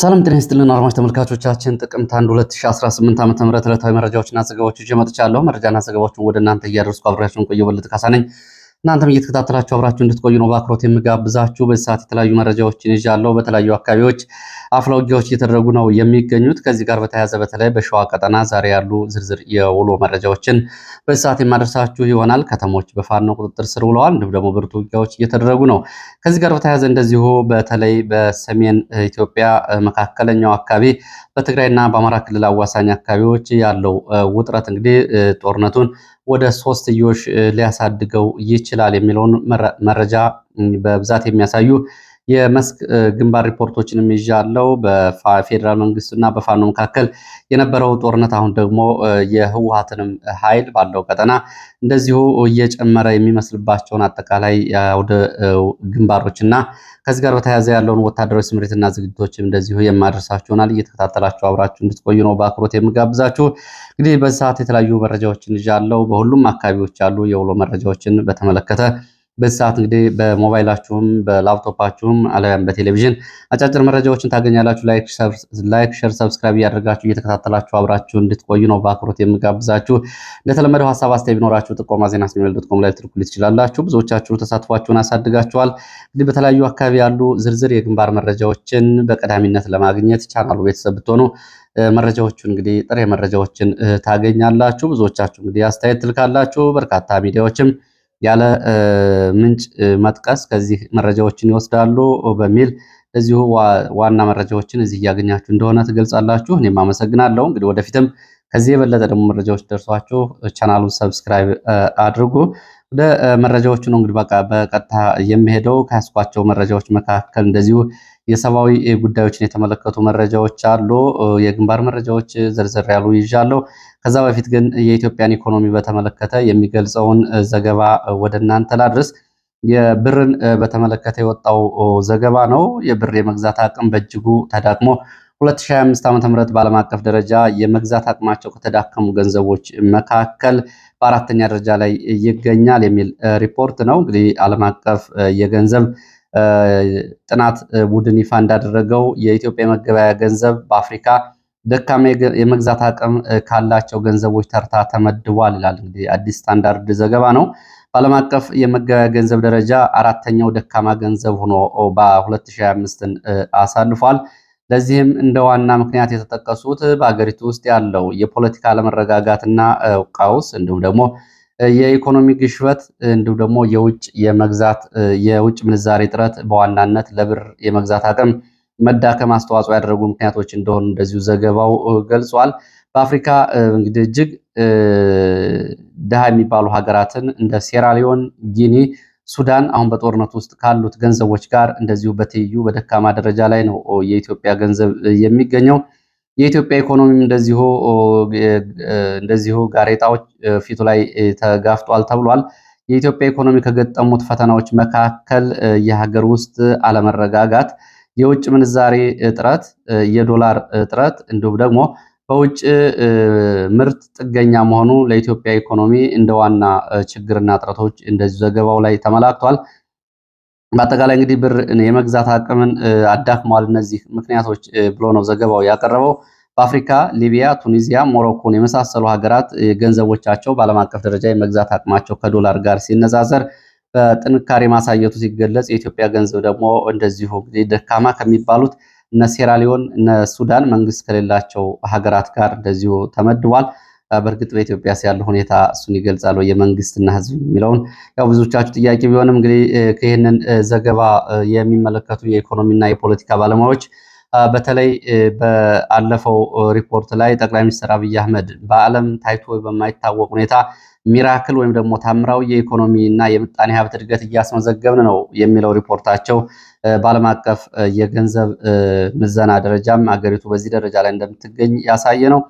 ሰላም ጤና ይስጥልን አድማጭ ተመልካቾቻችን፣ ጥቅምት 1 2018 ዓ.ም ዕለታዊ መረጃዎችና ዘገባዎች ይዤ መጥቻለሁ። መረጃና ዘገባዎችን ወደ እናንተ እያደረስኩ አብሬያችሁን ቆየሁ። በልጥ ካሳ ነኝ። እናንተም እየተከታተላችሁ አብራችሁ እንድትቆዩ ነው በአክሮት የምጋብዛችሁ። በዚህ ሰዓት የተለያዩ መረጃዎችን ይዣለሁ። በተለያዩ አካባቢዎች አፍላ ውጊያዎች እየተደረጉ ነው የሚገኙት። ከዚህ ጋር በተያያዘ በተለይ በሸዋ ቀጠና ዛሬ ያሉ ዝርዝር የውሎ መረጃዎችን በዚህ ሰዓት የማደርሳችሁ ይሆናል። ከተሞች በፋኖ ቁጥጥር ስር ውለዋል፣ እንዲሁም ደግሞ ብርቱ ውጊያዎች እየተደረጉ ነው። ከዚህ ጋር በተያያዘ እንደዚሁ በተለይ በሰሜን ኢትዮጵያ መካከለኛው አካባቢ በትግራይና በአማራ ክልል አዋሳኝ አካባቢዎች ያለው ውጥረት እንግዲህ ጦርነቱን ወደ ሶስትዮሽ ሊያሳድገው ይችላል የሚለውን መረጃ በብዛት የሚያሳዩ የመስክ ግንባር ሪፖርቶችንም ይዣለው። በፌዴራል መንግስቱና በፋኖ መካከል የነበረው ጦርነት አሁን ደግሞ የህወሀትንም ኃይል ባለው ቀጠና እንደዚሁ እየጨመረ የሚመስልባቸውን አጠቃላይ ወደ ግንባሮችና ከዚህ ጋር በተያያዘ ያለውን ወታደራዊ ስምሪትና ዝግጅቶችም እንደዚሁ የማደርሳችሁ ይሆናል። እየተከታተላችሁ አብራችሁ እንድትቆዩ ነው በአክብሮት የምጋብዛችሁ። እንግዲህ በዚህ ሰዓት የተለያዩ መረጃዎችን ይዣለው። በሁሉም አካባቢዎች ያሉ የውሎ መረጃዎችን በተመለከተ በዚህ ሰዓት እንግዲህ በሞባይላችሁም በላፕቶፓችሁም አለያም በቴሌቪዥን አጫጭር መረጃዎችን ታገኛላችሁ። ላይክ፣ ሸር፣ ሰብስክራይብ እያደረጋችሁ እየተከታተላችሁ አብራችሁ እንድትቆዩ ነው በአክብሮት የምጋብዛችሁ። እንደተለመደው ሀሳብ አስተያየት ቢኖራችሁ ጥቆማ ዜና ጂሜል ዶት ኮም ላይ ልትልኩልኝ ትችላላችሁ። ብዙዎቻችሁ ተሳትፏችሁን አሳድጋችኋል። እንግዲህ በተለያዩ አካባቢ ያሉ ዝርዝር የግንባር መረጃዎችን በቀዳሚነት ለማግኘት ቻናሉ ቤተሰብ ብትሆኑ መረጃዎቹን እንግዲህ ጥሬ መረጃዎችን ታገኛላችሁ። ብዙዎቻችሁ እንግዲህ አስተያየት ትልካላችሁ። በርካታ ሚዲያዎችም ያለ ምንጭ መጥቀስ ከዚህ መረጃዎችን ይወስዳሉ በሚል እዚሁ ዋና መረጃዎችን እዚህ እያገኛችሁ እንደሆነ ትገልጻላችሁ። እኔም አመሰግናለሁ። እንግዲህ ወደፊትም ከዚህ የበለጠ ደግሞ መረጃዎች ደርሷችሁ ቻናሉን ሰብስክራይብ አድርጉ። ወደ መረጃዎቹ ነው እንግዲህ በቃ በቀጥታ የሚሄደው ከያስኳቸው መረጃዎች መካከል እንደዚሁ የሰብአዊ ጉዳዮችን የተመለከቱ መረጃዎች አሉ። የግንባር መረጃዎች ዝርዝር ያሉ ይዣለሁ። ከዛ በፊት ግን የኢትዮጵያን ኢኮኖሚ በተመለከተ የሚገልጸውን ዘገባ ወደ እናንተ ላድርስ። የብርን በተመለከተ የወጣው ዘገባ ነው። የብር የመግዛት አቅም በእጅጉ ተዳክሞ 2025 ዓ.ም በዓለም አቀፍ ደረጃ የመግዛት አቅማቸው ከተዳከሙ ገንዘቦች መካከል በአራተኛ ደረጃ ላይ ይገኛል የሚል ሪፖርት ነው። እንግዲህ ዓለም አቀፍ የገንዘብ ጥናት ቡድን ይፋ እንዳደረገው የኢትዮጵያ የመገበያያ ገንዘብ በአፍሪካ ደካማ የመግዛት አቅም ካላቸው ገንዘቦች ተርታ ተመድቧል ይላል። እንግዲህ አዲስ ስታንዳርድ ዘገባ ነው። በዓለም አቀፍ የመገበያ ገንዘብ ደረጃ አራተኛው ደካማ ገንዘብ ሆኖ በ2025 አሳልፏል። ለዚህም እንደ ዋና ምክንያት የተጠቀሱት በሀገሪቱ ውስጥ ያለው የፖለቲካ አለመረጋጋትና ቀውስ እንዲሁም ደግሞ የኢኮኖሚ ግሽበት እንዲሁም ደግሞ የውጭ የመግዛት የውጭ ምንዛሬ እጥረት በዋናነት ለብር የመግዛት አቅም መዳከም አስተዋጽኦ ያደረጉ ምክንያቶች እንደሆኑ እንደዚሁ ዘገባው ገልጿል። በአፍሪካ እንግዲህ እጅግ ድሃ የሚባሉ ሀገራትን እንደ ሴራሊዮን፣ ጊኒ፣ ሱዳን አሁን በጦርነት ውስጥ ካሉት ገንዘቦች ጋር እንደዚሁ በትይዩ በደካማ ደረጃ ላይ ነው የኢትዮጵያ ገንዘብ የሚገኘው። የኢትዮጵያ ኢኮኖሚም እንደዚሁ ጋሬጣዎች ፊቱ ላይ ተጋፍጧል ተብሏል። የኢትዮጵያ ኢኮኖሚ ከገጠሙት ፈተናዎች መካከል የሀገር ውስጥ አለመረጋጋት፣ የውጭ ምንዛሬ እጥረት፣ የዶላር እጥረት እንዲሁም ደግሞ በውጭ ምርት ጥገኛ መሆኑ ለኢትዮጵያ ኢኮኖሚ እንደ ዋና ችግርና እጥረቶች እንደዚሁ ዘገባው ላይ ተመላክቷል። በአጠቃላይ እንግዲህ ብር የመግዛት አቅምን አዳክሟል እነዚህ ምክንያቶች ብሎ ነው ዘገባው ያቀረበው። በአፍሪካ ሊቢያ፣ ቱኒዚያ፣ ሞሮኮን የመሳሰሉ ሀገራት ገንዘቦቻቸው በዓለም አቀፍ ደረጃ የመግዛት አቅማቸው ከዶላር ጋር ሲነዛዘር በጥንካሬ ማሳየቱ ሲገለጽ፣ የኢትዮጵያ ገንዘብ ደግሞ እንደዚሁ እንግዲህ ደካማ ከሚባሉት እነ ሴራሊዮን እነ ሱዳን መንግስት ከሌላቸው ሀገራት ጋር እንደዚሁ ተመድቧል። በእርግጥ በኢትዮጵያ ሲያለ ሁኔታ እሱን ይገልጻል ወይ የመንግስትና ህዝብ የሚለውን ያው ብዙዎቻችሁ ጥያቄ ቢሆንም እንግዲህ ይህንን ዘገባ የሚመለከቱ የኢኮኖሚና የፖለቲካ ባለሙያዎች በተለይ በአለፈው ሪፖርት ላይ ጠቅላይ ሚኒስትር አብይ አህመድ በዓለም ታይቶ በማይታወቅ ሁኔታ ሚራክል ወይም ደግሞ ታምራዊ የኢኮኖሚ እና የምጣኔ ሀብት እድገት እያስመዘገብን ነው የሚለው ሪፖርታቸው በዓለም አቀፍ የገንዘብ ምዘና ደረጃም አገሪቱ በዚህ ደረጃ ላይ እንደምትገኝ ያሳየ ነው።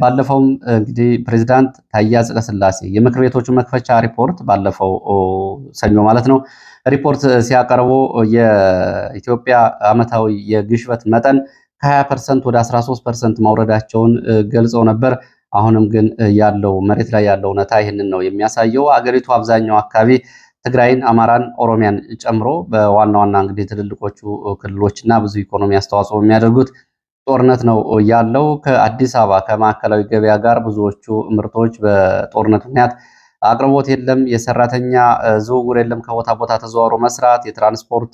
ባለፈውም እንግዲህ ፕሬዚዳንት ታዬ አጽቀሥላሴ የምክር ቤቶቹ መክፈቻ ሪፖርት ባለፈው ሰኞ ማለት ነው ሪፖርት ሲያቀርቡ የኢትዮጵያ ዓመታዊ የግሽበት መጠን ከ20 ፐርሰንት ወደ 13 ፐርሰንት ማውረዳቸውን ገልጸው ነበር። አሁንም ግን ያለው መሬት ላይ ያለው እውነታ ይህንን ነው የሚያሳየው። አገሪቱ አብዛኛው አካባቢ ትግራይን፣ አማራን፣ ኦሮሚያን ጨምሮ በዋና ዋና እንግዲህ ትልልቆቹ ክልሎችና ብዙ ኢኮኖሚ አስተዋጽኦ የሚያደርጉት ጦርነት ነው ያለው። ከአዲስ አበባ ከማዕከላዊ ገበያ ጋር ብዙዎቹ ምርቶች በጦርነት ምክንያት አቅርቦት የለም፣ የሰራተኛ ዝውውር የለም፣ ከቦታ ቦታ ተዘዋውሮ መስራት፣ የትራንስፖርት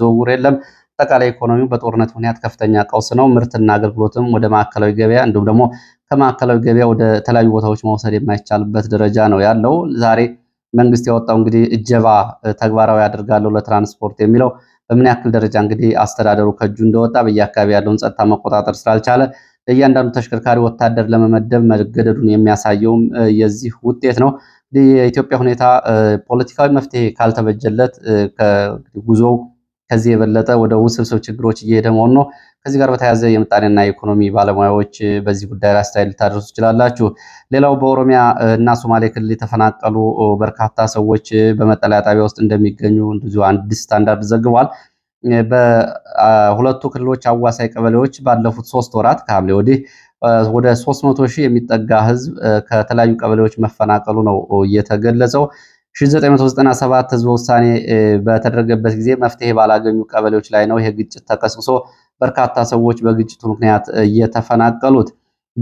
ዝውውር የለም። አጠቃላይ ኢኮኖሚው በጦርነት ምክንያት ከፍተኛ ቀውስ ነው። ምርትና አገልግሎትም ወደ ማዕከላዊ ገበያ እንዲሁም ደግሞ ከማዕከላዊ ገበያ ወደ ተለያዩ ቦታዎች መውሰድ የማይቻልበት ደረጃ ነው ያለው። ዛሬ መንግስት ያወጣው እንግዲህ እጀባ ተግባራዊ አድርጋለሁ ለትራንስፖርት የሚለው በምን ያክል ደረጃ እንግዲህ አስተዳደሩ ከእጁ እንደወጣ በየአካባቢ ያለውን ጸጥታ መቆጣጠር ስላልቻለ ለእያንዳንዱ ተሽከርካሪ ወታደር ለመመደብ መገደዱን የሚያሳየውም የዚህ ውጤት ነው። የኢትዮጵያ ሁኔታ ፖለቲካዊ መፍትሄ ካልተበጀለት ጉዞው ከዚህ የበለጠ ወደ ውስብስብ ችግሮች እየሄደ መሆኑ ነው። ከዚህ ጋር በተያያዘ የምጣኔና የኢኮኖሚ ባለሙያዎች በዚህ ጉዳይ ላይ አስተያየት ልታደርሱ ትችላላችሁ። ሌላው በኦሮሚያ እና ሶማሌ ክልል የተፈናቀሉ በርካታ ሰዎች በመጠለያ ጣቢያ ውስጥ እንደሚገኙ እንደዚሁ አንድ ስታንዳርድ ዘግቧል። በሁለቱ ክልሎች አዋሳኝ ቀበሌዎች ባለፉት ሶስት ወራት ከሐምሌ ወዲህ ወደ 300 ሺህ የሚጠጋ ህዝብ ከተለያዩ ቀበሌዎች መፈናቀሉ ነው እየተገለጸው። 1997 ህዝበ ውሳኔ በተደረገበት ጊዜ መፍትሄ ባላገኙ ቀበሌዎች ላይ ነው ይሄ ግጭት ተቀስቅሶ በርካታ ሰዎች በግጭቱ ምክንያት እየተፈናቀሉት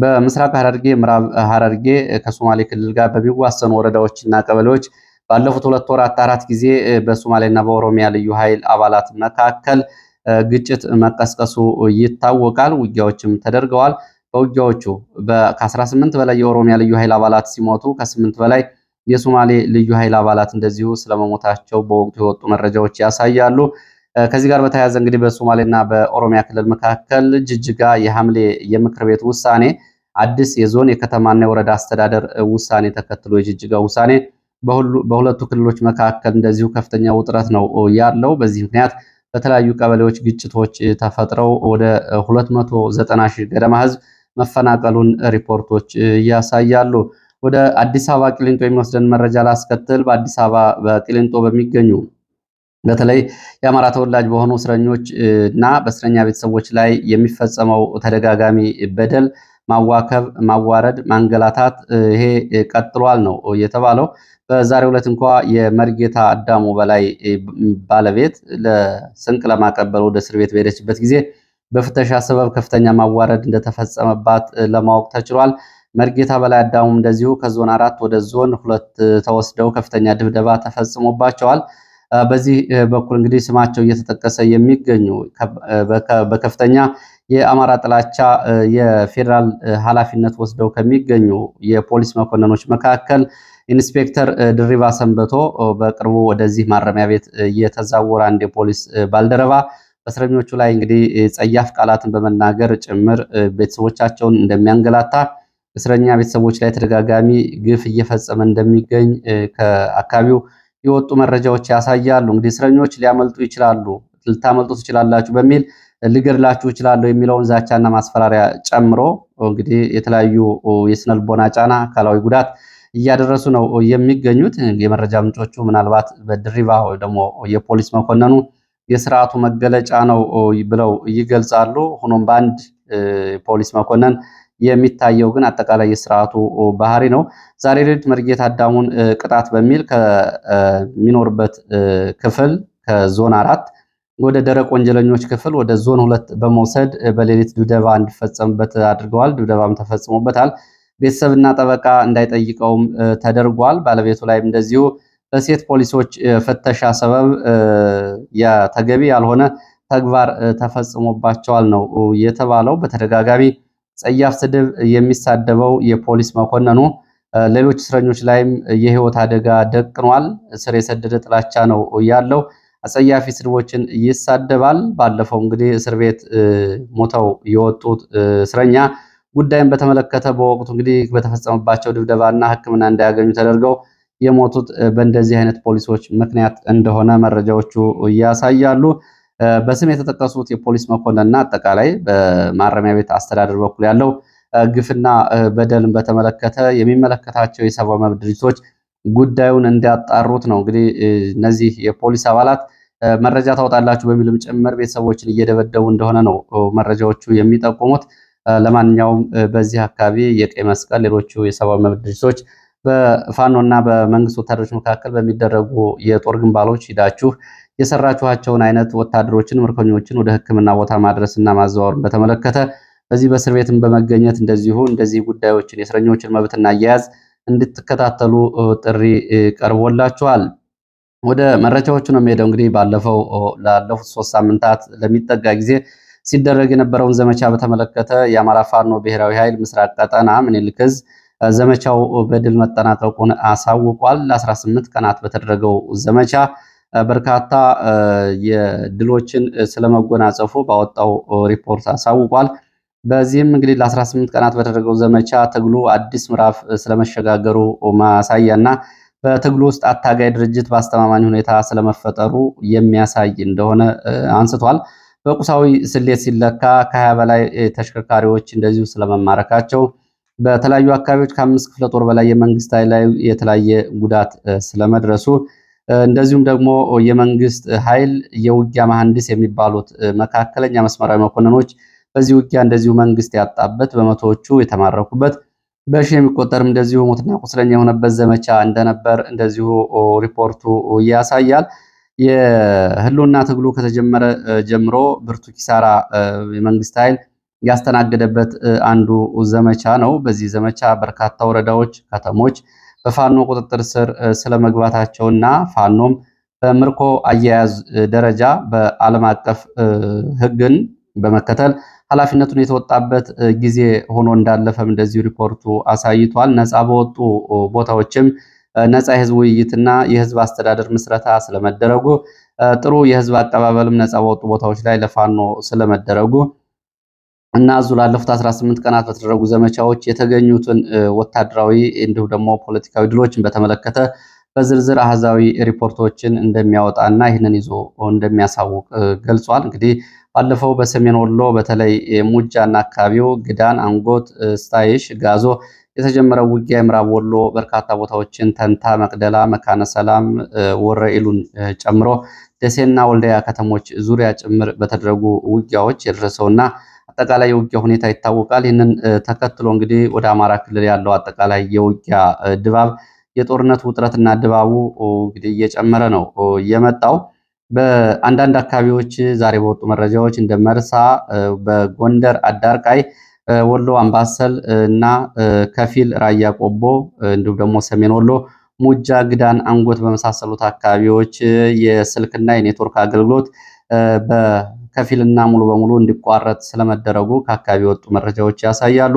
በምስራቅ ሐረርጌ፣ ምዕራብ ሐረርጌ ከሶማሌ ክልል ጋር በሚዋሰኑ ወረዳዎችና ቀበሌዎች ባለፉት ሁለት ወራት አራት ጊዜ በሶማሌና በኦሮሚያ ልዩ ኃይል አባላት መካከል ግጭት መቀስቀሱ ይታወቃል። ውጊያዎችም ተደርገዋል። በውጊያዎቹ ከ18 በላይ የኦሮሚያ ልዩ ኃይል አባላት ሲሞቱ ከ8 በላይ የሶማሌ ልዩ ኃይል አባላት እንደዚሁ ስለመሞታቸው በወቅቱ የወጡ መረጃዎች ያሳያሉ። ከዚህ ጋር በተያያዘ እንግዲህ በሶማሌና በኦሮሚያ ክልል መካከል ጅጅጋ የሐምሌ የምክር ቤት ውሳኔ አዲስ የዞን የከተማና የወረዳ አስተዳደር ውሳኔ ተከትሎ የጅጅጋ ውሳኔ በሁለቱ ክልሎች መካከል እንደዚሁ ከፍተኛ ውጥረት ነው ያለው። በዚህ ምክንያት በተለያዩ ቀበሌዎች ግጭቶች ተፈጥረው ወደ 290 ሺህ ገደማ ህዝብ መፈናቀሉን ሪፖርቶች ያሳያሉ። ወደ አዲስ አበባ ቅሊንጦ የሚወስደን መረጃ ላስከትል። በአዲስ አበባ በቅሊንጦ በሚገኙ በተለይ የአማራ ተወላጅ በሆኑ እስረኞች እና በእስረኛ ቤተሰቦች ላይ የሚፈጸመው ተደጋጋሚ በደል፣ ማዋከብ፣ ማዋረድ፣ ማንገላታት ይሄ ቀጥሏል ነው የተባለው። በዛሬው ዕለት እንኳ የመርጌታ አዳሙ በላይ ባለቤት ለስንቅ ለማቀበል ወደ እስር ቤት በሄደችበት ጊዜ በፍተሻ ሰበብ ከፍተኛ ማዋረድ እንደተፈጸመባት ለማወቅ ተችሏል። መርጌታ በላይ አዳሙም እንደዚሁ ከዞን አራት ወደ ዞን ሁለት ተወስደው ከፍተኛ ድብደባ ተፈጽሞባቸዋል። በዚህ በኩል እንግዲህ ስማቸው እየተጠቀሰ የሚገኙ በከፍተኛ የአማራ ጥላቻ የፌዴራል ኃላፊነት ወስደው ከሚገኙ የፖሊስ መኮንኖች መካከል ኢንስፔክተር ድሪባ ሰንበቶ በቅርቡ ወደዚህ ማረሚያ ቤት እየተዛወረ አንድ የፖሊስ ባልደረባ በእስረኞቹ ላይ እንግዲህ ጸያፍ ቃላትን በመናገር ጭምር ቤተሰቦቻቸውን እንደሚያንገላታ እስረኛ ቤተሰቦች ላይ ተደጋጋሚ ግፍ እየፈጸመ እንደሚገኝ ከአካባቢው የወጡ መረጃዎች ያሳያሉ። እንግዲህ እስረኞች ሊያመልጡ ይችላሉ፣ ልታመልጡ ትችላላችሁ በሚል ልገድላችሁ እችላለሁ የሚለውን ዛቻና ማስፈራሪያ ጨምሮ እንግዲህ የተለያዩ የስነልቦና ጫና፣ አካላዊ ጉዳት እያደረሱ ነው የሚገኙት። የመረጃ ምንጮቹ ምናልባት በድሪባ ደግሞ የፖሊስ መኮንኑ የስርዓቱ መገለጫ ነው ብለው ይገልጻሉ። ሆኖም በአንድ ፖሊስ መኮንን የሚታየው ግን አጠቃላይ የስርዓቱ ባህሪ ነው። ዛሬ ሌሊት መርጌታ አዳሙን ቅጣት በሚል ከሚኖርበት ክፍል ከዞን አራት ወደ ደረቅ ወንጀለኞች ክፍል ወደ ዞን ሁለት በመውሰድ በሌሊት ድብደባ እንዲፈጸምበት አድርገዋል። ድብደባም ተፈጽሞበታል። ቤተሰብና ጠበቃ እንዳይጠይቀውም ተደርጓል። ባለቤቱ ላይም እንደዚሁ በሴት ፖሊሶች ፍተሻ ሰበብ ተገቢ ያልሆነ ተግባር ተፈጽሞባቸዋል ነው የተባለው በተደጋጋሚ ጸያፍ ስድብ የሚሳደበው የፖሊስ መኮንኑ ሌሎች እስረኞች ላይም የህይወት አደጋ ደቅኗል። ስር የሰደደ ጥላቻ ነው ያለው። አጸያፊ ስድቦችን ይሳደባል። ባለፈው እንግዲህ እስር ቤት ሞተው የወጡት እስረኛ ጉዳይን በተመለከተ በወቅቱ እንግዲህ በተፈጸመባቸው ድብደባና ሕክምና እንዳያገኙ ተደርገው የሞቱት በእንደዚህ አይነት ፖሊሶች ምክንያት እንደሆነ መረጃዎቹ ያሳያሉ። በስም የተጠቀሱት የፖሊስ መኮንንና አጠቃላይ በማረሚያ ቤት አስተዳደር በኩል ያለው ግፍና በደልን በተመለከተ የሚመለከታቸው የሰብአዊ መብት ድርጅቶች ጉዳዩን እንዲያጣሩት ነው። እንግዲህ እነዚህ የፖሊስ አባላት መረጃ ታወጣላችሁ በሚልም ጭምር ቤተሰቦችን እየደበደቡ እንደሆነ ነው መረጃዎቹ የሚጠቁሙት። ለማንኛውም በዚህ አካባቢ የቀይ መስቀል፣ ሌሎቹ የሰብአዊ መብት ድርጅቶች በፋኖ እና በመንግስት ወታደሮች መካከል በሚደረጉ የጦር ግንባሎች ሂዳችሁ የሰራችኋቸውን አይነት ወታደሮችን፣ ምርኮኞችን ወደ ህክምና ቦታ ማድረስና ማዘዋወርን በተመለከተ በዚህ በእስር ቤትም በመገኘት እንደዚሁ እንደዚህ ጉዳዮችን የእስረኞችን መብትና አያያዝ እንድትከታተሉ ጥሪ ቀርቦላችኋል። ወደ መረጃዎቹ ነው የሚሄደው። እንግዲህ ባለፈው ላለፉት ሶስት ሳምንታት ለሚጠጋ ጊዜ ሲደረግ የነበረውን ዘመቻ በተመለከተ የአማራ ፋኖ ብሔራዊ ኃይል ምስራቅ ቀጠና ምኒልክ ዘመቻው በድል መጠናቀቁን አሳውቋል። ለ18 ቀናት በተደረገው ዘመቻ በርካታ የድሎችን ስለመጎናጸፉ ባወጣው ሪፖርት አሳውቋል። በዚህም እንግዲህ ለ18 ቀናት በተደረገው ዘመቻ ትግሉ አዲስ ምዕራፍ ስለመሸጋገሩ ማሳያና በትግሉ ውስጥ አታጋይ ድርጅት በአስተማማኝ ሁኔታ ስለመፈጠሩ የሚያሳይ እንደሆነ አንስቷል። በቁሳዊ ስሌት ሲለካ ከሀያ በላይ ተሽከርካሪዎች እንደዚሁ ስለመማረካቸው፣ በተለያዩ አካባቢዎች ከአምስት ክፍለ ጦር በላይ የመንግስት ኃይል ላይ የተለያየ ጉዳት ስለመድረሱ እንደዚሁም ደግሞ የመንግስት ኃይል የውጊያ መሐንዲስ የሚባሉት መካከለኛ መስመራዊ መኮንኖች በዚህ ውጊያ እንደዚሁ መንግስት ያጣበት በመቶዎቹ የተማረኩበት በሺ የሚቆጠርም እንደዚሁ ሞትና ቁስለኛ የሆነበት ዘመቻ እንደነበር እንደዚሁ ሪፖርቱ ያሳያል። የህልውና ትግሉ ከተጀመረ ጀምሮ ብርቱ ኪሳራ የመንግስት ኃይል ያስተናገደበት አንዱ ዘመቻ ነው። በዚህ ዘመቻ በርካታ ወረዳዎች፣ ከተሞች በፋኖ ቁጥጥር ስር ስለመግባታቸውና ፋኖም በምርኮ አያያዝ ደረጃ በዓለም አቀፍ ሕግን በመከተል ኃላፊነቱን የተወጣበት ጊዜ ሆኖ እንዳለፈም እንደዚሁ ሪፖርቱ አሳይቷል። ነፃ በወጡ ቦታዎችም ነፃ የህዝብ ውይይትና የህዝብ አስተዳደር ምስረታ ስለመደረጉ ጥሩ የህዝብ አቀባበልም ነፃ በወጡ ቦታዎች ላይ ለፋኖ ስለመደረጉ እና እዙ ላለፉት 18 ቀናት በተደረጉ ዘመቻዎች የተገኙትን ወታደራዊ እንዲሁም ደግሞ ፖለቲካዊ ድሎችን በተመለከተ በዝርዝር አህዛዊ ሪፖርቶችን እንደሚያወጣ እና ይህንን ይዞ እንደሚያሳውቅ ገልጿል። እንግዲህ ባለፈው በሰሜን ወሎ በተለይ ሙጃና አካባቢው ግዳን፣ አንጎት፣ ስታይሽ፣ ጋዞ የተጀመረ ውጊያ የምዕራብ ወሎ በርካታ ቦታዎችን ተንታ፣ መቅደላ፣ መካነ ሰላም፣ ወረኢሉን ጨምሮ ደሴና ወልዳያ ከተሞች ዙሪያ ጭምር በተደረጉ ውጊያዎች የደረሰውና አጠቃላይ የውጊያ ሁኔታ ይታወቃል። ይህንን ተከትሎ እንግዲህ ወደ አማራ ክልል ያለው አጠቃላይ የውጊያ ድባብ የጦርነት ውጥረትና ድባቡ እንግዲህ እየጨመረ ነው የመጣው። በአንዳንድ አካባቢዎች ዛሬ በወጡ መረጃዎች እንደ መርሳ፣ በጎንደር አዳርቃይ፣ ወሎ አምባሰል እና ከፊል ራያ ቆቦ እንዲሁም ደግሞ ሰሜን ወሎ ሙጃ፣ ግዳን፣ አንጎት በመሳሰሉት አካባቢዎች የስልክና የኔትወርክ አገልግሎት ከፊልና ሙሉ በሙሉ እንዲቋረጥ ስለመደረጉ ከአካባቢ የወጡ መረጃዎች ያሳያሉ።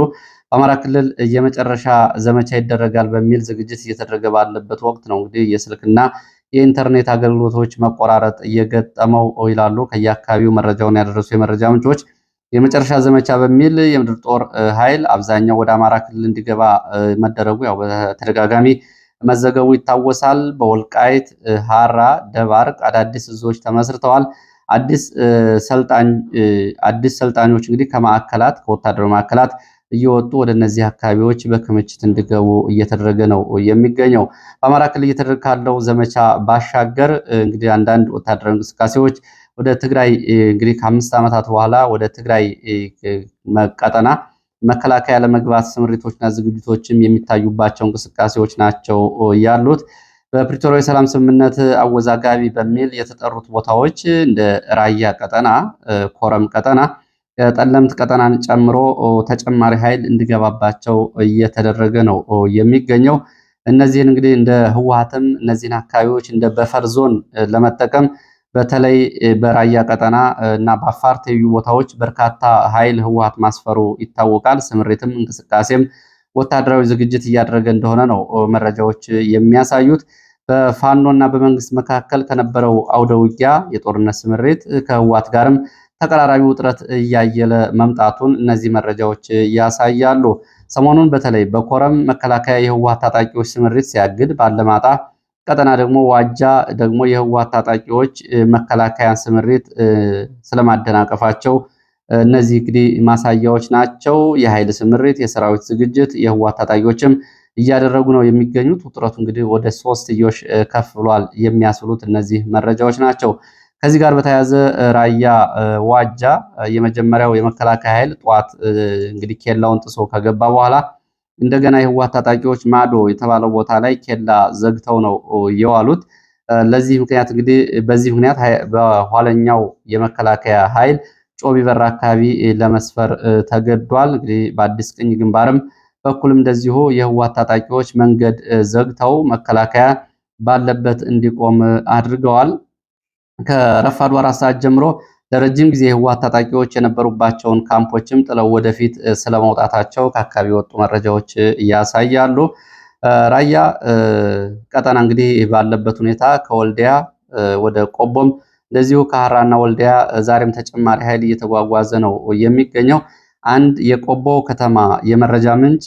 በአማራ ክልል የመጨረሻ ዘመቻ ይደረጋል በሚል ዝግጅት እየተደረገ ባለበት ወቅት ነው እንግዲህ የስልክና የኢንተርኔት አገልግሎቶች መቆራረጥ እየገጠመው ይላሉ ከየአካባቢው መረጃውን ያደረሱ የመረጃ ምንጮች። የመጨረሻ ዘመቻ በሚል የምድር ጦር ኃይል አብዛኛው ወደ አማራ ክልል እንዲገባ መደረጉ ያው በተደጋጋሚ መዘገቡ ይታወሳል። በወልቃይት ሐራ፣ ደባርቅ አዳዲስ እዞች ተመስርተዋል። አዲስ ሰልጣኞች እንግዲህ ከማዕከላት ከወታደራዊ ማዕከላት እየወጡ ወደ እነዚህ አካባቢዎች በክምችት እንዲገቡ እየተደረገ ነው የሚገኘው። በአማራ ክልል እየተደረገ ካለው ዘመቻ ባሻገር እንግዲህ አንዳንድ ወታደራዊ እንቅስቃሴዎች ወደ ትግራይ እንግዲህ ከአምስት ዓመታት በኋላ ወደ ትግራይ መቀጠና መከላከያ ለመግባት ስምሪቶችና ዝግጅቶችም የሚታዩባቸው እንቅስቃሴዎች ናቸው ያሉት። በፕሪቶሪያ የሰላም ስምምነት አወዛጋቢ በሚል የተጠሩት ቦታዎች እንደ ራያ ቀጠና፣ ኮረም ቀጠና፣ ጠለምት ቀጠናን ጨምሮ ተጨማሪ ኃይል እንዲገባባቸው እየተደረገ ነው የሚገኘው። እነዚህን እንግዲህ እንደ ህወሓትም እነዚህን አካባቢዎች እንደ በፈር ዞን ለመጠቀም በተለይ በራያ ቀጠና እና በአፋር ትይዩ ቦታዎች በርካታ ኃይል ህወሓት ማስፈሩ ይታወቃል። ስምሪትም እንቅስቃሴም ወታደራዊ ዝግጅት እያደረገ እንደሆነ ነው መረጃዎች የሚያሳዩት። በፋኖና በመንግስት መካከል ከነበረው አውደውጊያ የጦርነት ስምሪት ከህዋት ጋርም ተቀራራቢ ውጥረት እያየለ መምጣቱን እነዚህ መረጃዎች ያሳያሉ። ሰሞኑን በተለይ በኮረም መከላከያ የህወሓት ታጣቂዎች ስምሪት ሲያግድ፣ ባለማጣ ቀጠና ደግሞ ዋጃ ደግሞ የህወሓት ታጣቂዎች መከላከያን ስምሪት ስለማደናቀፋቸው እነዚህ እንግዲህ ማሳያዎች ናቸው። የኃይል ስምሪት፣ የሰራዊት ዝግጅት የህዋት ታጣቂዎችም እያደረጉ ነው የሚገኙት። ውጥረቱ እንግዲህ ወደ ሶስትዮሽ ከፍ ብሏል የሚያስብሉት እነዚህ መረጃዎች ናቸው። ከዚህ ጋር በተያያዘ ራያ ዋጃ የመጀመሪያው የመከላከያ ኃይል ጠዋት እንግዲህ ኬላውን ጥሶ ከገባ በኋላ እንደገና የህዋት ታጣቂዎች ማዶ የተባለው ቦታ ላይ ኬላ ዘግተው ነው የዋሉት። ለዚህ ምክንያት እንግዲህ በዚህ ምክንያት በኋለኛው የመከላከያ ኃይል ጮቢ በራ አካባቢ ለመስፈር ተገዷል። እንግዲህ በአዲስ ቅኝ ግንባርም በኩልም እንደዚሁ የህወሓት ታጣቂዎች መንገድ ዘግተው መከላከያ ባለበት እንዲቆም አድርገዋል። ከረፋዱ አራት ሰዓት ጀምሮ ለረጅም ጊዜ የህወሓት ታጣቂዎች የነበሩባቸውን ካምፖችም ጥለው ወደፊት ስለመውጣታቸው ከአካባቢ የወጡ መረጃዎች ያሳያሉ። ራያ ቀጠና እንግዲህ ባለበት ሁኔታ ከወልዲያ ወደ ቆቦም እንደዚሁ ከሐራና ወልዲያ ዛሬም ተጨማሪ ኃይል እየተጓጓዘ ነው የሚገኘው። አንድ የቆቦ ከተማ የመረጃ ምንጭ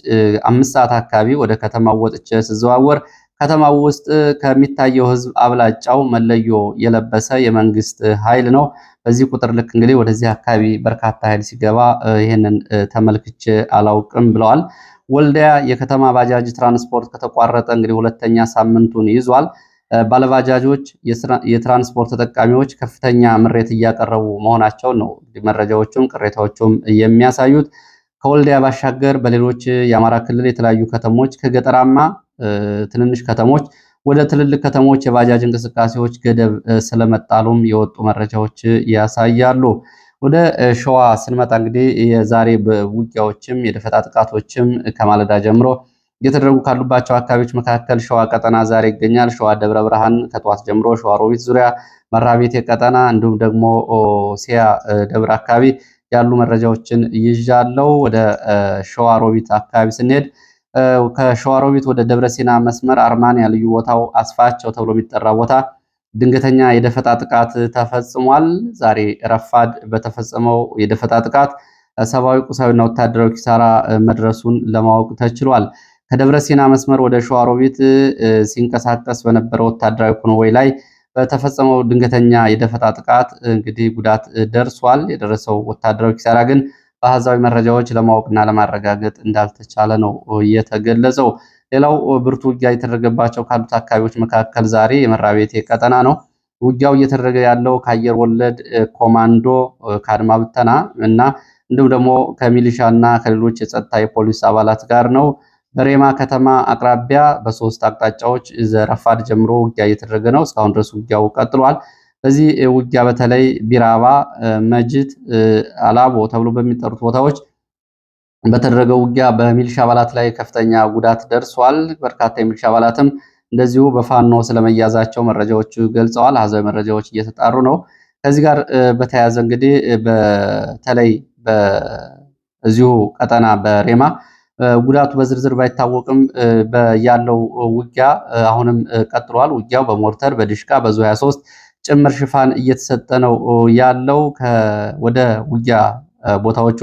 አምስት ሰዓት አካባቢ ወደ ከተማው ወጥቼ ስዘዋወር ከተማው ውስጥ ከሚታየው ህዝብ አብላጫው መለዮ የለበሰ የመንግስት ኃይል ነው። በዚህ ቁጥር ልክ እንግዲህ ወደዚህ አካባቢ በርካታ ኃይል ሲገባ ይህንን ተመልክቼ አላውቅም ብለዋል። ወልዲያ የከተማ ባጃጅ ትራንስፖርት ከተቋረጠ እንግዲህ ሁለተኛ ሳምንቱን ይዟል። ባለባጃጆች፣ የትራንስፖርት ተጠቃሚዎች ከፍተኛ ምሬት እያቀረቡ መሆናቸው ነው መረጃዎቹም ቅሬታዎቹም የሚያሳዩት። ከወልዲያ ባሻገር በሌሎች የአማራ ክልል የተለያዩ ከተሞች ከገጠራማ ትንንሽ ከተሞች ወደ ትልልቅ ከተሞች የባጃጅ እንቅስቃሴዎች ገደብ ስለመጣሉም የወጡ መረጃዎች ያሳያሉ። ወደ ሸዋ ስንመጣ እንግዲህ የዛሬ ውጊያዎችም የደፈጣ ጥቃቶችም ከማለዳ ጀምሮ እየተደረጉ ካሉባቸው አካባቢዎች መካከል ሸዋ ቀጠና ዛሬ ይገኛል። ሸዋ ደብረ ብርሃን ከጠዋት ጀምሮ፣ ሸዋ ሮቢት ዙሪያ፣ መራቤቴ ቀጠና እንዲሁም ደግሞ ሲያ ደብረ አካባቢ ያሉ መረጃዎችን ይዣለው። ወደ ሸዋ ሮቢት አካባቢ ስንሄድ ከሸዋ ሮቢት ወደ ደብረ ሲና መስመር አርማንያ ልዩ ቦታው አስፋቸው ተብሎ የሚጠራ ቦታ ድንገተኛ የደፈጣ ጥቃት ተፈጽሟል። ዛሬ ረፋድ በተፈጸመው የደፈጣ ጥቃት ሰብአዊ፣ ቁሳዊና ወታደራዊ ኪሳራ መድረሱን ለማወቅ ተችሏል። ከደብረ ሲና መስመር ወደ ሸዋሮቢት ሲንቀሳቀስ በነበረው ወታደራዊ ኮንቮይ ላይ በተፈጸመው ድንገተኛ የደፈጣ ጥቃት እንግዲህ ጉዳት ደርሷል። የደረሰው ወታደራዊ ኪሳራ ግን በአሃዛዊ መረጃዎች ለማወቅና ለማረጋገጥ እንዳልተቻለ ነው የተገለጸው። ሌላው ብርቱ ውጊያ የተደረገባቸው ካሉት አካባቢዎች መካከል ዛሬ የመራቤቴ ቀጠና ነው። ውጊያው እየተደረገ ያለው ከአየር ወለድ ኮማንዶ ከአድማ ብተና እና እንዲሁም ደግሞ ከሚሊሻ እና ከሌሎች የጸጥታ የፖሊስ አባላት ጋር ነው። በሬማ ከተማ አቅራቢያ በሶስት አቅጣጫዎች ዘረፋድ ጀምሮ ውጊያ እየተደረገ ነው። እስካሁን ድረስ ውጊያው ቀጥሏል። በዚህ ውጊያ በተለይ ቢራባ፣ መጅት፣ አላቦ ተብሎ በሚጠሩት ቦታዎች በተደረገው ውጊያ በሚልሻ አባላት ላይ ከፍተኛ ጉዳት ደርሷል። በርካታ የሚልሻ አባላትም እንደዚሁ በፋኖ ስለመያዛቸው መረጃዎቹ ገልጸዋል። አሃዛዊ መረጃዎች እየተጣሩ ነው። ከዚህ ጋር በተያያዘ እንግዲህ በተለይ በዚሁ ቀጠና በሬማ ጉዳቱ በዝርዝር ባይታወቅም ያለው ውጊያ አሁንም ቀጥሏል። ውጊያው በሞርተር፣ በድሽቃ፣ በዙ 23 ጭምር ሽፋን እየተሰጠ ነው ያለው። ወደ ውጊያ ቦታዎቹ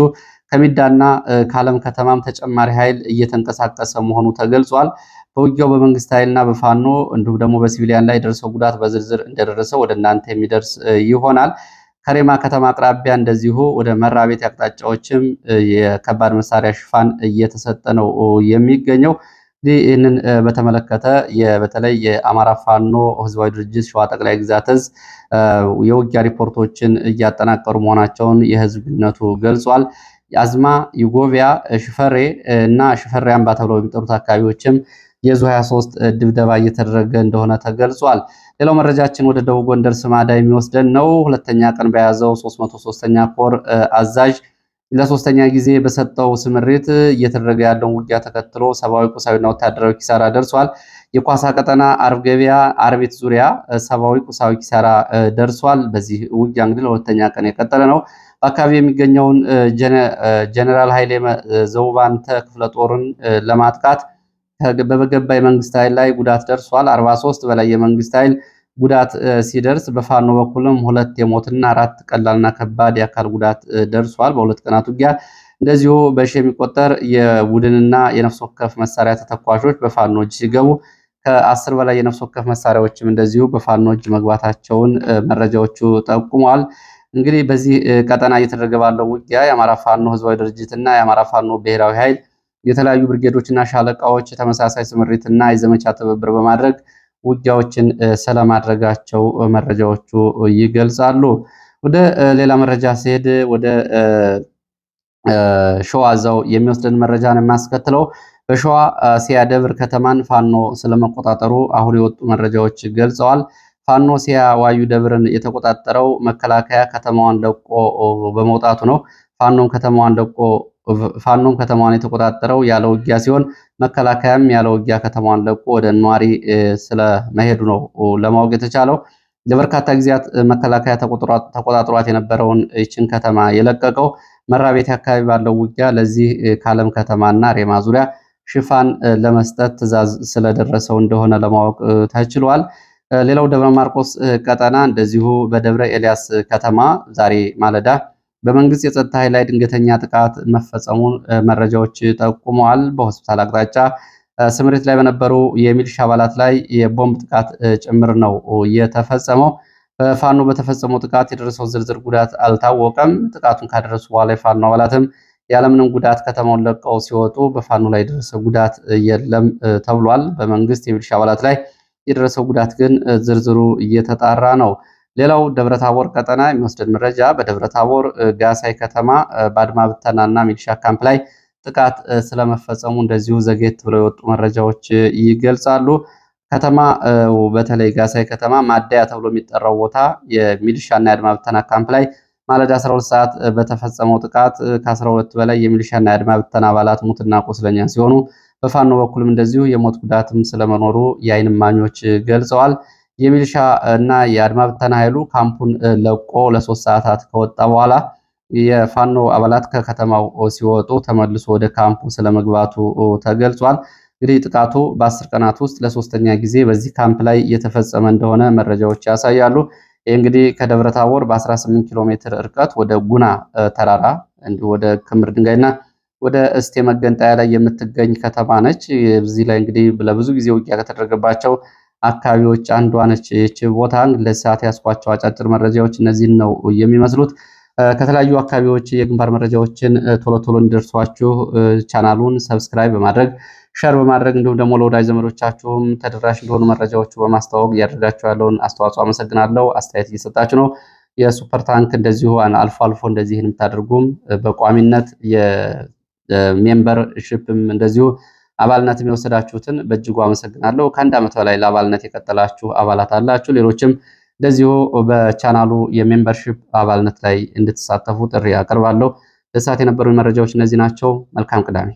ከሚዳና ከአለም ከተማም ተጨማሪ ኃይል እየተንቀሳቀሰ መሆኑ ተገልጿል። በውጊያው በመንግስት ኃይልና በፋኖ እንዲሁም ደግሞ በሲቪሊያን ላይ የደረሰው ጉዳት በዝርዝር እንደደረሰ ወደ እናንተ የሚደርስ ይሆናል። ከሬማ ከተማ አቅራቢያ እንደዚሁ ወደ ቤት አቅጣጫዎችም የከባድ መሳሪያ ሽፋን እየተሰጠ ነው የሚገኘው። ይህንን በተመለከተ በተለይ የአማራ ፋኖ ህዝባዊ ድርጅት ሸዋ ጠቅላይ ግዛት እዝ የውጊያ ሪፖርቶችን እያጠናቀሩ መሆናቸውን የህዝብነቱ ገልጿል። አዝማ፣ ይጎቢያ፣ ሽፈሬ እና ሽፈሬ አምባ ተብለው የሚጠሩት አካባቢዎችም የዙ 23 ድብደባ እየተደረገ እንደሆነ ተገልጿል። ሌላው መረጃችን ወደ ደቡብ ጎንደር ስማዳ የሚወስደን ነው። ሁለተኛ ቀን በያዘው 303ኛ ኮር አዛዥ ለሶስተኛ ጊዜ በሰጠው ስምሪት እየተደረገ ያለውን ውጊያ ተከትሎ ሰብአዊ፣ ቁሳዊና ወታደራዊ ኪሳራ ደርሷል። የኳሳ ቀጠና አርብ ገበያ፣ አርቤት ዙሪያ ሰብአዊ፣ ቁሳዊ ኪሳራ ደርሷል። በዚህ ውጊያ እንግዲህ ለሁለተኛ ቀን የቀጠለ ነው። በአካባቢ የሚገኘውን ጀነራል ኃይሌ ዘውባንተ ክፍለ ጦርን ለማጥቃት በገባ የመንግስት ኃይል ላይ ጉዳት ደርሷል። 43 በላይ የመንግስት ኃይል ጉዳት ሲደርስ በፋኖ በኩልም ሁለት የሞትና አራት ቀላልና ከባድ የአካል ጉዳት ደርሷል። በሁለት ቀናት ውጊያ እንደዚሁ በሺ የሚቆጠር የቡድንና የነፍስ ወከፍ መሳሪያ ተተኳሾች በፋኖ እጅ ሲገቡ ከአስር በላይ የነፍስ ወከፍ መሳሪያዎችም እንደዚሁ በፋኖ እጅ መግባታቸውን መረጃዎቹ ጠቁመዋል። እንግዲህ በዚህ ቀጠና እየተደረገ ባለው ውጊያ የአማራ ፋኖ ህዝባዊ ድርጅትና የአማራ ፋኖ ብሔራዊ ኃይል የተለያዩ ብርጌዶችና ሻለቃዎች ተመሳሳይ ስምሪትና የዘመቻ ትብብር በማድረግ ውጊያዎችን ስለማድረጋቸው መረጃዎቹ ይገልጻሉ። ወደ ሌላ መረጃ ሲሄድ ወደ ሸዋ እዛው የሚወስድን መረጃን የማስከትለው በሸዋ ሲያደብር ከተማን ፋኖ ስለመቆጣጠሩ አሁን የወጡ መረጃዎች ገልጸዋል። ፋኖ ሲያዋዩ ደብርን የተቆጣጠረው መከላከያ ከተማዋን ለቆ በመውጣቱ ነው። ፋኖም ከተማዋን ለቆ ፋኖም ከተማዋን የተቆጣጠረው ያለ ውጊያ ሲሆን መከላከያም ያለ ውጊያ ከተማዋን ለቆ ወደ ነዋሪ ስለመሄዱ ነው ለማወቅ የተቻለው። ለበርካታ ጊዜያት መከላከያ ተቆጣጥሯት የነበረውን ይችን ከተማ የለቀቀው መራቤቴ አካባቢ ባለው ውጊያ ለዚህ ከዓለም ከተማና ሬማ ዙሪያ ሽፋን ለመስጠት ትዕዛዝ ስለደረሰው እንደሆነ ለማወቅ ተችሏል። ሌላው ደብረ ማርቆስ ቀጠና እንደዚሁ በደብረ ኤልያስ ከተማ ዛሬ ማለዳ በመንግስት የጸጥታ ኃይል ላይ ድንገተኛ ጥቃት መፈጸሙን መረጃዎች ጠቁመዋል። በሆስፒታል አቅጣጫ ስምሪት ላይ በነበሩ የሚሊሻ አባላት ላይ የቦምብ ጥቃት ጭምር ነው የተፈጸመው። በፋኖ በተፈጸመው ጥቃት የደረሰው ዝርዝር ጉዳት አልታወቀም። ጥቃቱን ካደረሱ በኋላ የፋኖ አባላትም ያለምንም ጉዳት ከተማውን ለቀው ሲወጡ በፋኖ ላይ የደረሰ ጉዳት የለም ተብሏል። በመንግስት የሚሊሻ አባላት ላይ የደረሰው ጉዳት ግን ዝርዝሩ እየተጣራ ነው። ሌላው ደብረታቦር ቀጠና የሚወስደን መረጃ በደብረታቦር ጋሳይ ከተማ በአድማ እና ሚሊሻ ካምፕ ላይ ጥቃት ስለመፈጸሙ እንደዚሁ ዘጌት ብለው የወጡ መረጃዎች ይገልጻሉ። ከተማ በተለይ ጋሳይ ከተማ ማደያ ተብሎ የሚጠራው ቦታ የሚሊሻና የአድማ ብተና ካምፕ ላይ ማለዳ 12 ሰዓት በተፈጸመው ጥቃት ከ12 በላይ የሚሊሻና የአድማ ብተና አባላት ሙትና ቁስለኛ ሲሆኑ በፋኖ በኩልም እንደዚሁ የሞት ጉዳትም ስለመኖሩ የአይን እማኞች ገልጸዋል። የሚልሻ እና የአድማ ብተና ኃይሉ ካምፑን ለቆ ለሶስት ሰዓታት ከወጣ በኋላ የፋኖ አባላት ከከተማው ሲወጡ ተመልሶ ወደ ካምፑ ስለመግባቱ ተገልጿል። እንግዲህ ጥቃቱ በአስር ቀናት ውስጥ ለሶስተኛ ጊዜ በዚህ ካምፕ ላይ የተፈጸመ እንደሆነ መረጃዎች ያሳያሉ። ይህ እንግዲህ ከደብረ ታቦር በ18 ኪሎ ሜትር እርቀት ወደ ጉና ተራራ ወደ ክምር ድንጋይና ወደ እስቴ መገንጠያ ላይ የምትገኝ ከተማ ነች። እዚህ ላይ እንግዲህ ለብዙ ጊዜ ውጊያ ከተደረገባቸው አካባቢዎች አንዷ ነች ይች ቦታ። ለሰዓት ሰዓት ያስኳቸው አጫጭር መረጃዎች እነዚህን ነው የሚመስሉት። ከተለያዩ አካባቢዎች የግንባር መረጃዎችን ቶሎ ቶሎ እንዲደርሷችሁ ቻናሉን ሰብስክራይብ በማድረግ ሸር በማድረግ እንዲሁም ደግሞ ለወዳጅ ዘመዶቻችሁም ተደራሽ እንደሆኑ መረጃዎቹ በማስተዋወቅ እያደረጋችሁ ያለውን አስተዋጽኦ አመሰግናለሁ። አስተያየት እየሰጣችሁ ነው። የሱፐር ታንክ እንደዚሁ አልፎ አልፎ እንደዚህን የምታደርጉም በቋሚነት የሜምበርሽፕም እንደዚሁ አባልነትም የወሰዳችሁትን በእጅጉ አመሰግናለሁ። ከአንድ ዓመት በላይ ለአባልነት የቀጠላችሁ አባላት አላችሁ። ሌሎችም እንደዚሁ በቻናሉ የሜምበርሺፕ አባልነት ላይ እንድትሳተፉ ጥሪ አቀርባለሁ። ለሰዓት የነበሩ መረጃዎች እነዚህ ናቸው። መልካም ቅዳሜ